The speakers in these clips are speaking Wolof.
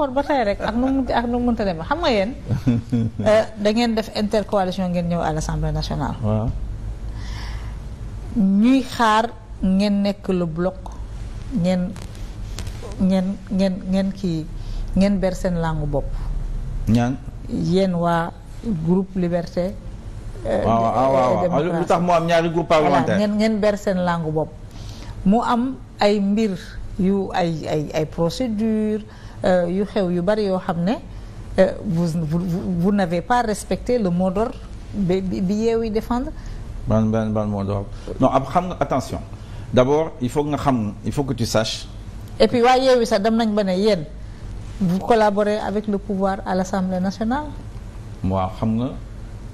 d'accord ba tey rek ak nu mu ak xam nga yéen euh, da ngeen def intercoalition ngeen ñëw à l'Assemblée nationale. waaw ñuy xaar ngeen nekk le bloc ngeen ngeen ngeen ngeen ber seen langue bopp. yéen waa groupe Liberté. Euh, waaw waaw waaw lu tax mu am ñaari groupe parlementaire ngeen ngeen ber seen langue bopp mu am ay mbir yu ay ay Euh, yu xew yu bari yoo xam ne euh, vous vous n'avez pas respecté le modor d'ordre bi bi Yewwi défendre ban ban ban mot d'ordre ab xam nga attention d'abord il faut nga xam il faut que tu saches et puis waa Yewwi sax dem nañ ba ne yéen vous collaborez avec le pouvoir à l'Assemblée nationale waaw xam nga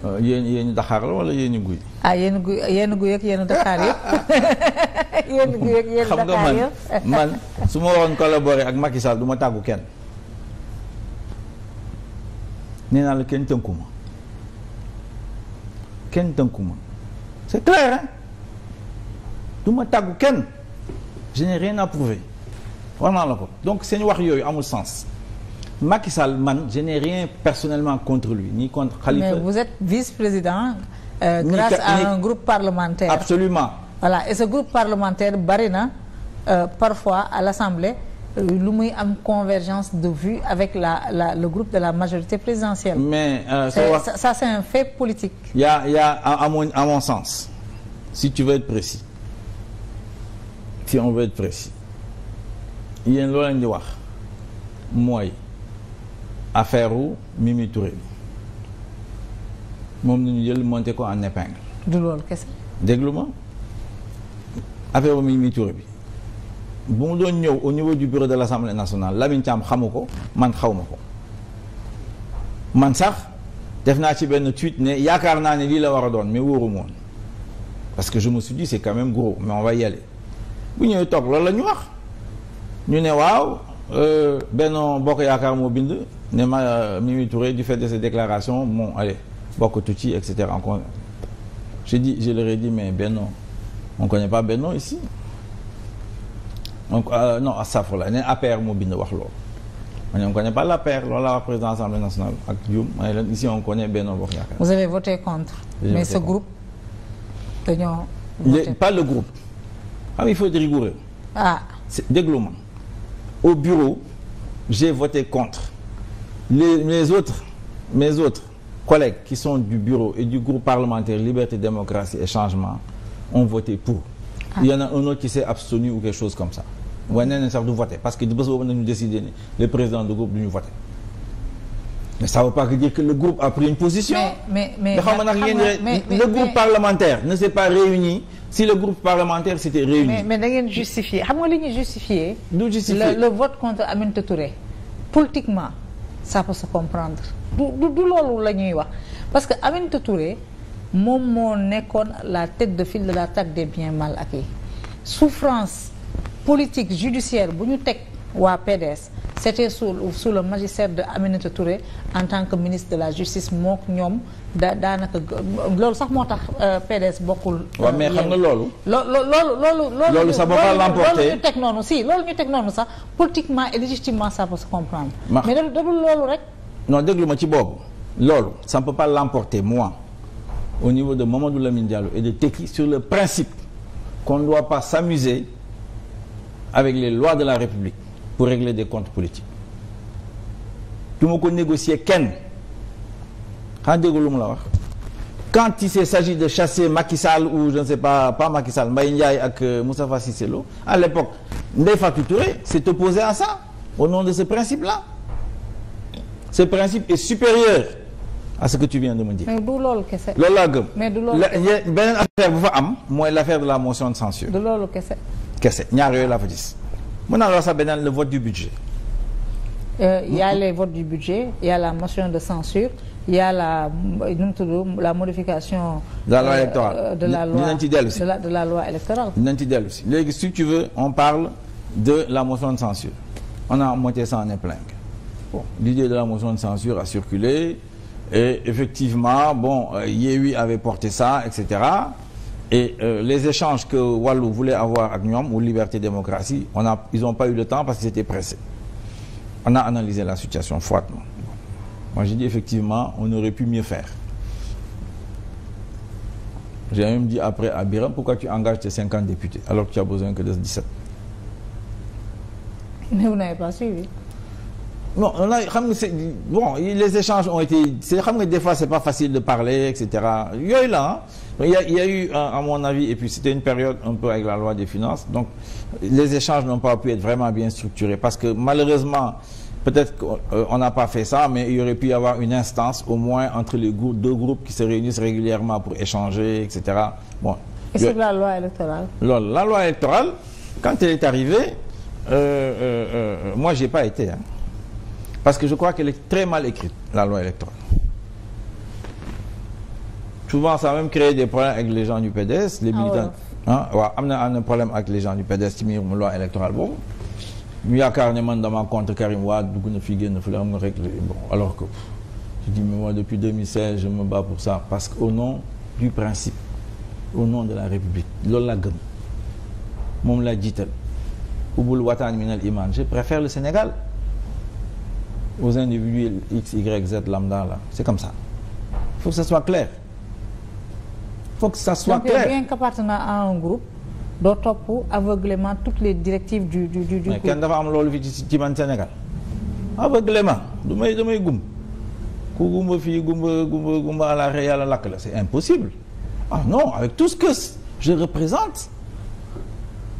euh, yéen yéen daxaar la wala yéen guy ah yéen guy yéen guy ak yéen daxaar yéen yéen xam nga man man su ma waroon ak Macky Sall du ma tàggu kenn. nee naa kenn tënku ma kenn tënku ma c'est clair hein du ma tàggu kenn je n'ai rien à prouver wax naa la ko donc seen wax yooyu amul sens. Macky Sall man je n'ai rien personnellement contre lui ni contre Khalifa. mais vous êtes vice-président. Euh, grâce à un groupe parlementaire. voilà et ce groupe parlementaire bari na euh, parfois à l'Assemblée euh, lu muy am convergence de vue avec la la le groupe de la majorité présidentielle. mais euh, ça, ça c'est un fait y a y a à mon à mon sens si tu veux être précis si on veut être précis yéen loolu lañ di wax mooy affaire u Mimi moom la ñu jël ko en épingle. du loolu kese. déglu ma. affaire Mimi Touré bi bu mu doon ñëw au niveau du bureau de l'Assemblée nationale Lamine Thiam xamu ko man xaw ma ko man sax def naa ci benn tweet ne yaakaar naa ne lii la war a doon mais wóoru moon parce que je me suis dit c'est quand même gros mais on va y bu ñëwee toog loolu lañu wax ñu ne waaw euh, Benno Bokk Yaakaar moo bind ne ma euh, Mimi Touré du fait de ses déclarations bon allez bokk tuuti et cetera encore j'ai je leur ai mais Benno on ne connaît pas Benno ici donc euh, non astafurlah nee APR moo bind wax loolu ma ne on connaît pas l'APR loolu laa wax président assemblée nationale ak Dioum ma ne leen ici on connaît Benno Bokk Yaakaar. vous avez voté contre. mais ce contre. groupe dañoo. voté pas le groupe. xam il faut être rigoureux. ah, ah. déglu ma au bureau j'ai voté contre les mes autres mes autres collègues qui sont du bureau et du groupe parlementaire Liberté Démocratie et Changement. on voté pour. Ah. il y en a un autre qui s'est abstenu ou quelque chose comme ça. waaye nee ne sax du voté parce que bés boobu nañu décidé ne les présidents de groupe du ñu voté. mais ça veut pas dire que le groupe a pris une position. mais mais xam nga le groupe parlementaire ne s'est pas réuni si le groupe parlementaire s'était réuni. mais mais da ngeen justifié xam nga li ñuy justifié. du justifié le vote contre Aminata Touré. politiquement ça peut se comprendre. du du du la ñuy wax parce que Aminata Touré. moom moo nekkoon la tête de file de l'attaque des biens mal acquis souffrance politique judiciaire bu ñu teg waa PDS c'était sous sous le magistère de Aminata Touré en tant que ministre de la justice moo ñoom da daanaka loolu sax moo tax euh, PDS bokkul. Euh, waaw mais xam nga loolu. loo loolu loolu. loolu sax ba l'emporter ñu teg noonu si loolu ñu teg noonu sax politiquement et légitimement ça peut se comprendre. mais da dul loolu rek. noo déglu ma ci boobu. loolu ça ne peut pas au niveau de Mamadou Lamine Diallo et de Tekki sur le principe qu'on ne doit pas s'amuser avec les de la République pour régler des comptes politiques du ma ko kenn xanaa dégg lu la wax quand il s'agit de chasser Macky Sall ou je ne sais pas pas Macky Sall Mbaye Ndiaye ak euh, Moustapha Cissé Lo à l'époque Ndeye Fatou Touré s'est opposé à au nom de ce principe-là ce principe est supérieur à ce que tu viens de me dire. mais du loolu kese. loolu laa gëm. mais du loolu kese beneen affaire mooy l' affaire de la motion de censure. du loolu kese. kese ñaar yooyu laa fa gis. la le vote du budget. Euh, y a les votes du budget il la motion de censure y a la nu la modification. de la loi euh, électorale euh, de la loi de la de la loi électorale. dinañ ci dellu si léegi si tu veux on parle de la motion de censure on a moitié ça en épingle bon l'idée de la motion de censure a circulé. Et effectivement, bon, euh, Yehui avait porté ça, etc. Et euh, les échanges que Wallou voulait avoir avec Nyom, ou Liberté Démocratie, on a, ils n'ont pas eu le temps parce qu'ils étaient pressés. On a analysé la situation froidement. Moi, j'ai dit effectivement, on aurait pu mieux faire. J'ai même dit après à Biram, pourquoi tu engages tes 50 députés alors que tu as besoin que de 17 Mais vous n'avez suivi. non on a xam nga c'est bon les échanges ont été c'est xam nga des fois c'est pas facile de parler et la il y a il y a eu euh, à mon avis et c'était une période un peu avec la loi des finances donc les échanges n'ont pas pu être vraiment bien structurés parce que malheureusement peut-être qu'on euh, n'a pas fait ça mais il aurait pu y avoir une instance au moins entre les groupes, deux groupes qui se réunissent régulièrement pour échanger et cetera bon. et sur la loi électorale. la loi Parce que je crois qu'elle est très mal écrite, la loi électorale. Souvent, ça a même des problèmes avec les gens du PDS, les ah militants. ah waaw am na am na problème ak les gens du PDS ci mbirum loi électorale boobu ñu yaakaar ne man dama contre Karim Wade dugg na fi génn fi la am nga réglé bon alors que je dis mais moi depuis 2016 je me bats pour ça parce que au nom du principe au nom de la République loolu la gëm moom la jiital ubul wataan minal iman je préfère le aux individus X, Y, Z, lambda, là. C'est comme ça. Il faut que ça soit clair. Il faut que ça soit Donc, clair. bien qu'appartenant à un groupe, doo topp aveuglément toutes les directives du du du. du mais kenn dafa am loolu fii ci ci man Sénégal aveuglément du may damay gum ku gumba fii gumba gumba gumba àlaxe yàlla lakk la c'est impossible ah non avec tout ce que je représente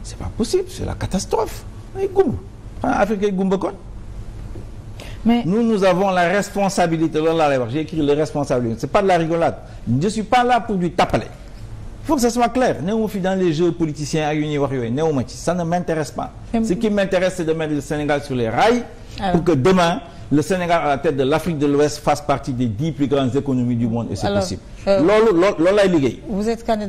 c'est pas possible c'est la catastrophe may gumb xanaa ah, Afrique ay gumba kon mais nous nous avons la responsabilité loolu laa lay wax j'ai écrit le responsabilité c'est pas de la rigolade je suis pas là pour du tapale il faut que ça soit clair néewuma fi dans les jeux politiciens ak yu ñuy wax yooyu néewuma ci ce qui m'intéresse c'est de mettre le Sénégal sur les rails ah. pour que demain le Sénégal à la tête de l'Afrique de l'Ouest fasse partie des dix plus grandes économies du monde et c'est possible euh, loolu loolu loolu